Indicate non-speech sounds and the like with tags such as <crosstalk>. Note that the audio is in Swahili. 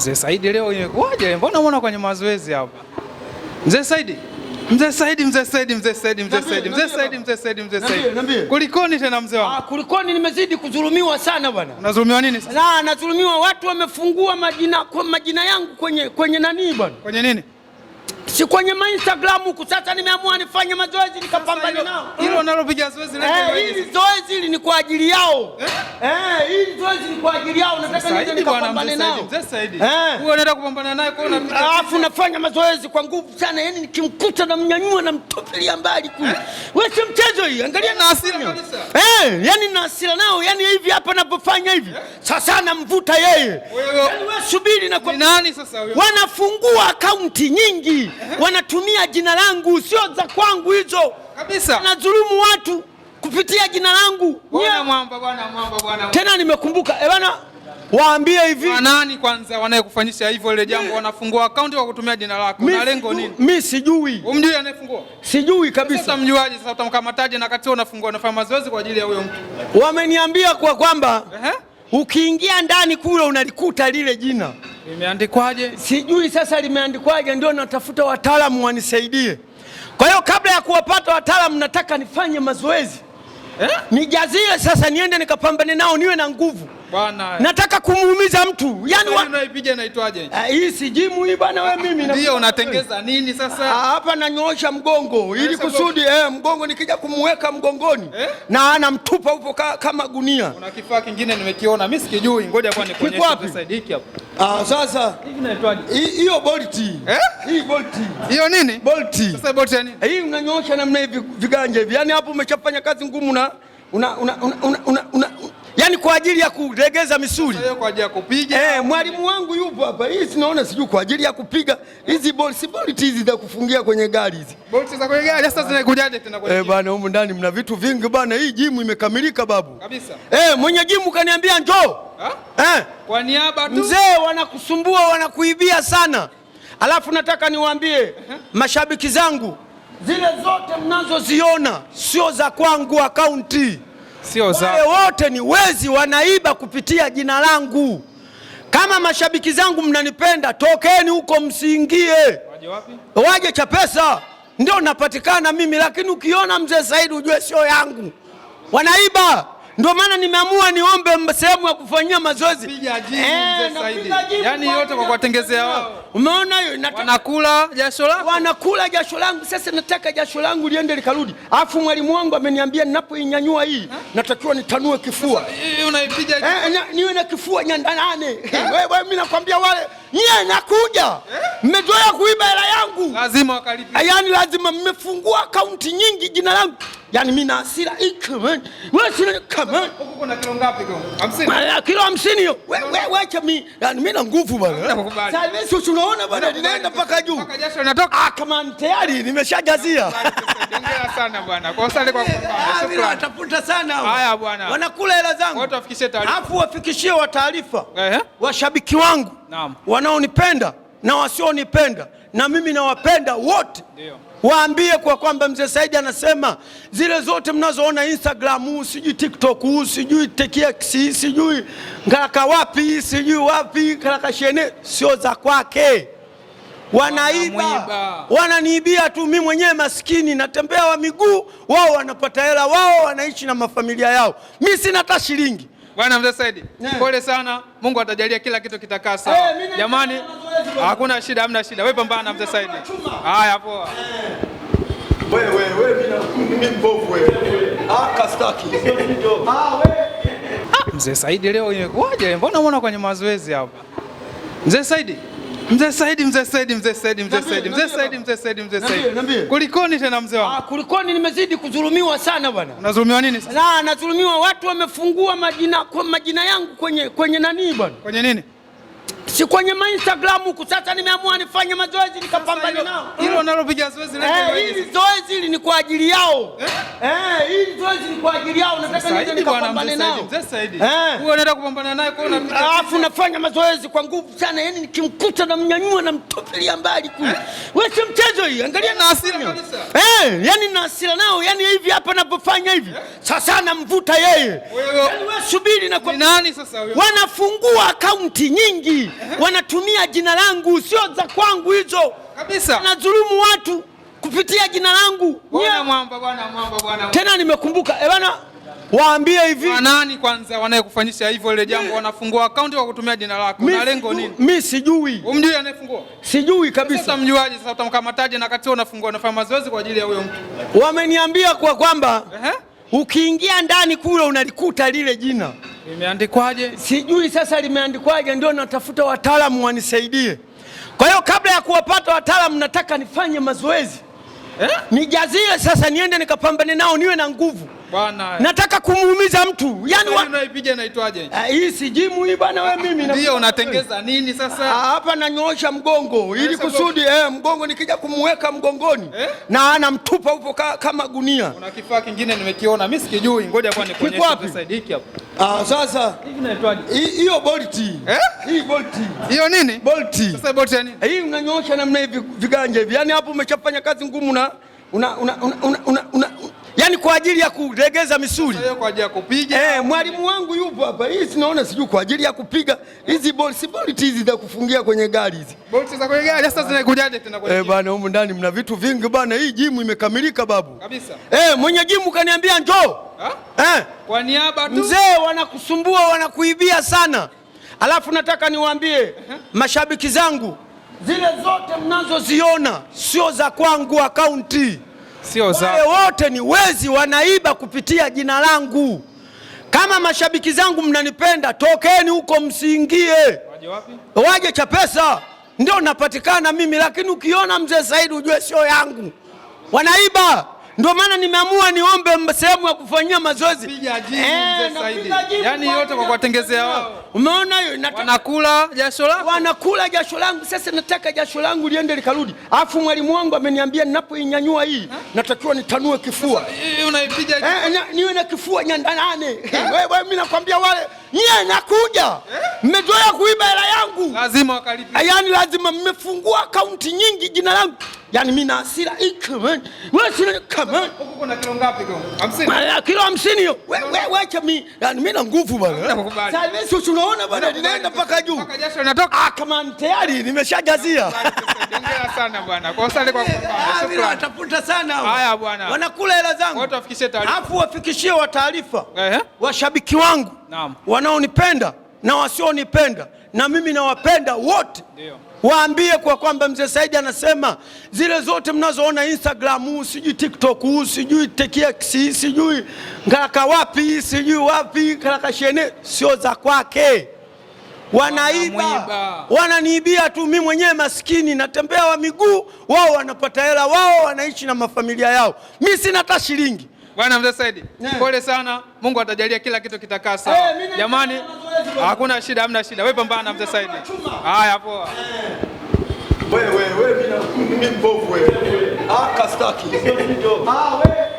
Mzee Saidi leo imekuwaje? Mbona unaona kwenye mazoezi hapa? Mzee Saidi, Mzee Saidi, Mzee Saidi, Mzee Saidi, Mzee Saidi, Mzee Saidi, Mzee Saidi, Mzee Saidi. Kulikoni tena mzee wangu? Ah, kulikoni nimezidi kudhulumiwa sana bwana. Unadhulumiwa nini sasa? Na ah, nadhulumiwa watu wamefungua majina majina yangu kwenye kwenye nani bwana? Kwenye nini? si kwenye Instagram huku. Sasa nimeamua nifanye mazoezi nikapambane nao. Hilo nalo nalopiga zoezi leo, eh, hili zoezi hili ni kwa ajili yao eh? eh, hili zoezi ni kwa ajili yao. Nataka nije nikapambane nao. Mzee eh. Wewe unaenda kupambana naye kwa una, alafu nafanya mazoezi kwa nguvu sana, Yaani nikimkuta na mnyanyua na mtupilia mbali kule. Wewe si mchezo hii, angalia na yaani hasira kabisa eh, yaani na hasira nao, Yaani hivi hapa ninapofanya hivi sasa namvuta yeye. Wewe yaani subiri, na kwa nani sasa huyo, wanafungua akaunti nyingi wanatumia jina langu, sio za kwangu hizo kabisa, wanadhulumu watu kupitia jina langu. Bwana mwamba, bwana mwamba, bwana tena nimekumbuka, e bwana, waambie hivi ah, nani kwanza wanayekufanyisha hivyo ile jambo, wanafungua akaunti kwa kutumia jina lako na lengo nini? Mimi sijui, umjui anayefungua, sijui kabisa. Sasa mjuaje? Sasa utamkamataje? na kati unafungua, unafanya mazoezi kwa ajili ya huyo mtu. Wameniambia kwa kwamba uh -huh ukiingia ndani kule unalikuta lile jina limeandikwaje, sijui sasa limeandikwaje, ndio natafuta wataalamu wanisaidie. Kwa hiyo kabla ya kuwapata wataalamu, nataka nifanye mazoezi eh? Nijazie sasa, niende nikapambane nao, niwe na nguvu. Bwana. Eh. Nataka kumuumiza mtu. Yaani unaipiga inaitwaje? Ah, Hii si jimu hii bwana wewe mimi na. Ndio unatengeza nini sasa? Ah, Hapa nanyoosha mgongo ili kusudi eh, mgongo nikija kumweka mgongoni eh? Na anamtupa upo ka, kama gunia. Kuna kifaa kingine nimekiona mimi sikijui. Ngoja kwa nikuonyeshe sasa hiki hapo. Ah, sasa hii inaitwaje? Hiyo bolt. Eh? Hii bolt. Hiyo nini? Bolt. Sasa bolt ya nini? Eh, hii unanyoosha namna hivi viganja hivi. Yaani hapo umeshafanya kazi ngumu na una una una una, una, una, una yani kwa ajili ya kuregeza misuli, kwa ajili ya kupiga. Eh, mwalimu wangu yupo hapa. Hii sinaona siju kwa ajili ya kupiga hizi bolt, si bolt hizi za kufungia kwenye gari hizi. bolt za kwenye gari sasa zinakujaje tena kwenye? Eh, bana humu ndani mna vitu vingi bana. Hii jimu imekamilika babu. Kabisa. Eh, mwenye jimu kaniambia njoo. Eh? Kwa niaba tu. Mzee wanakusumbua, wanakuibia sana. Alafu nataka niwaambie mashabiki zangu zile zote mnazoziona sio za kwangu akaunti sio za wale wote ni wezi, wanaiba kupitia jina langu. Kama mashabiki zangu mnanipenda, tokeni huko, msiingie, waje wapi? Waje Chapesa ndio napatikana mimi, lakini ukiona mzee Saidi ujue sio yangu, wanaiba. Ndio maana nimeamua niombe sehemu ya kufanyia mazoezi yani eh, yote kwa kuwatengezea wao. Umeona hiyo wanakula jasho lako, wanakula jasho langu. Sasa nataka jasho langu liende likarudi, alafu mwalimu wangu ameniambia ninapoinyanyua hii natakiwa nitanue kifua, unaipiga eh, niwe na kifua nyanda nane. <laughs> Wewe mimi nakwambia wale nyie nakuja, eh? mmezoea kuiba hela yangu, lazima wakalipia. Yani lazima mmefungua akaunti nyingi jina langu Yani mimi na hasira wewe, kuna kilo ngapi? Kilo hiyo. Wewe acha mimi. Yani mimi na nguvu bwana. Sasa unaona bwana ninaenda mpaka juu. Ah, kama tayari nimeshajazia. sana kwa eh, ah, Watafuta sana Haya bwana. Wanakula hela zangu. Wote wafikishie taarifa. wa taarifa. Washabiki wangu. Wanaonipenda na wasionipenda na mimi nawapenda wote. Ndio. Waambie kwa kwamba mzee Saidi anasema zile zote mnazoona Instagram, sijui TikTok, sijui TikTok, sijui ngaraka wapi, sijui wapi ngaraka shene, sio za kwake. Wanaiba, wananiibia tu. Mimi mwenyewe maskini natembea wa miguu, wao wanapata hela, wao wanaishi na mafamilia yao, mimi sina hata shilingi. Bwana mzee Saidi, eh. pole sana. Mungu atajalia kila kitu kitakaa eh, sawa. Hey, jamani Hakuna shida, hamna shida. Wewe pambana mzee Saidi. Haya, poa. Wewe wewe wewe mimi mbovu wewe. Ah, kastaki. Ah, wewe. Mzee Saidi leo imekuwaje? Mbona unaona kwenye mazoezi hapa? Mzee Saidi. Mzee Saidi, mzee Saidi, mzee Saidi, mzee Saidi, mzee Saidi, mzee Saidi, mzee Saidi. Kulikoni tena mzee wangu? Ah, kulikoni nimezidi kudhulumiwa sana bwana. Unadhulumiwa nini sasa? Na ah, nadhulumiwa watu wamefungua majina kwa majina yangu kwenye kwenye nani bwana? Kwenye nini? si kwenye Instagram huku. Sasa nimeamua nifanye mazoezi nikapambane nao. Hilo nalo piga zoezi leo. Eh, hili zoezi hili ni kwa ajili yao. Eh? eh, hili zoezi ni kwa ajili yao. Nataka nije nikapambane nao. Mzee eh. Wewe unaenda kupambana naye kwa una alafu nafanya mazoezi kwa nguvu sana. Yaani nikimkuta na mnyanyua na mtupilia mbali kule. Eh? Wewe si mchezo hii. Angalia yaani na hasira kabisa. Eh, yaani na hasira nao. Yaani hivi hapa ninapofanya hivi. Sasa namvuta yeye. wewe yaani subiri na kwa nani sasa huyo? Wanafungua akaunti nyingi wanatumia jina langu, sio za kwangu hizo kabisa, nadhulumu watu kupitia jina langu. Bwana mwamba, bwana mwamba, bwana tena nimekumbuka, e, bwana, waambie hivi nani kwanza wanayekufanyisha hivyo ile jambo, wanafungua akaunti kwa kutumia jina lako na lengo nini? Mimi sijui, umjui anayefungua, sijui kabisa. Sasa mjuaje? Sasa utamkamataje? na kati unafungua, unafanya mazoezi kwa ajili ya huyo mtu. Wameniambia kwa kwamba ukiingia ndani kule unalikuta lile jina Limeandikwaje? Sijui sasa limeandikwaje, ndio natafuta wataalamu wanisaidie. Kwa hiyo kabla ya kuwapata wataalamu, nataka nifanye mazoezi eh? Nijazie sasa, niende nikapambane nao, niwe na nguvu. Bwana. Eh. Nataka kumuumiza mtu. Yaani wa... unaipiga inaitwaje? Ah, Hii si jimu hii bwana wewe mimi na. Ndio unatengeza nini sasa? Ah, Hapa nanyoosha mgongo ili kusudi eh, mgongo nikija kumweka mgongoni eh? na anamtupa upo ka, kama gunia. Kuna kifaa kingine nimekiona mimi sikijui. Ngoja kwa nikuonyeshe sasa hiki hapo. Ah, sasa hii inaitwaje? Hiyo bolt. Eh? Hii bolt. Hiyo nini? Bolt. Sasa bolt ya nini? Eh, hii unanyoosha namna hivi viganja hivi. Yaani hapo umeshafanya kazi ngumu na una una una una, una, una yani kwa ajili ya kuregeza misuli, kwa ajili ya kupiga. Eh, mwalimu wangu yupo hapa. Hii sinaona siju kwa ajili ya kupiga hizi bolt, si bolt hizi za kufungia kwenye gari hizi. bolt za kwenye gari sasa zinakujaje tena kwenye? Eh, bana humu ndani mna vitu vingi bana. Hii jimu imekamilika babu. Kabisa. Eh, mwenye jimu kaniambia njoo. Eh? Kwa niaba tu. Mzee wanakusumbua, wanakuibia sana. Alafu nataka niwaambie uh -huh. Mashabiki zangu zile zote mnazoziona sio za kwangu akaunti sio za wale wote ni wezi, wanaiba kupitia jina langu. Kama mashabiki zangu mnanipenda, tokeni huko, msiingie, waje wapi? Waje Chapesa ndio napatikana mimi, lakini ukiona mzee Saidi ujue sio yangu, wanaiba. Ndio maana nimeamua niombe sehemu ya kufanyia mazoezi eh, yaani yote kwa kuwatengezea wao. Umeona hiyo wanakula jasho langu, wanakula jasho langu. Sasa nataka jasho langu liende likarudi, alafu mwalimu wangu ameniambia ninapoinyanyua hii natakiwa nitanue kifua, eh, niwe na kifua nyandanane. <laughs> Wewe mimi nakwambia wale nyie nakuja, eh? mmezoea kuiba hela yangu, lazima wakalipia. yani lazima mmefungua akaunti nyingi jina langu yani mimi na hasira wewe wewe kama huko kuna kilo ngapi hiyo? Kilo 50 hiyo. Wewe acha mimi. Yaani mimi na nguvu bwana. Sasa hivi unaona bwana ninaenda mpaka juu. Mpaka jasho linatoka. Ah kama tayari nimeshajazia. Hongera sana bwana. Kwa usali kwa eh, ah, sana Haya bwana. Wanakula hela zangu. wafikishie taarifa. wafikishie wa taarifa. Washabiki wangu. Naam. Wanaonipenda na wasionipenda na mimi nawapenda wote. Ndio waambie kwa kwamba mzee Saidi anasema zile zote mnazoona Instagram, sijui TikTok, sijui TikTok, sijui ngaraka wapi, sijui wapi ngaraka shene, sio za kwake. Wanaiba, wananiibia tu. Mimi mwenyewe maskini natembea wa miguu, wao wanapata hela, wao wanaishi na mafamilia yao, mimi sina hata shilingi. Bwana mzee Said, pole sana. Mungu atajalia kila kitu kitakaa sawa. Eh, Jamani, hakuna shida, hamna shida. Wewe pambana mzee Said. Haya, poa. Wewe wewe mimi mbovu wewe. Eh, eh. Ah, kastaki. Ah, wewe.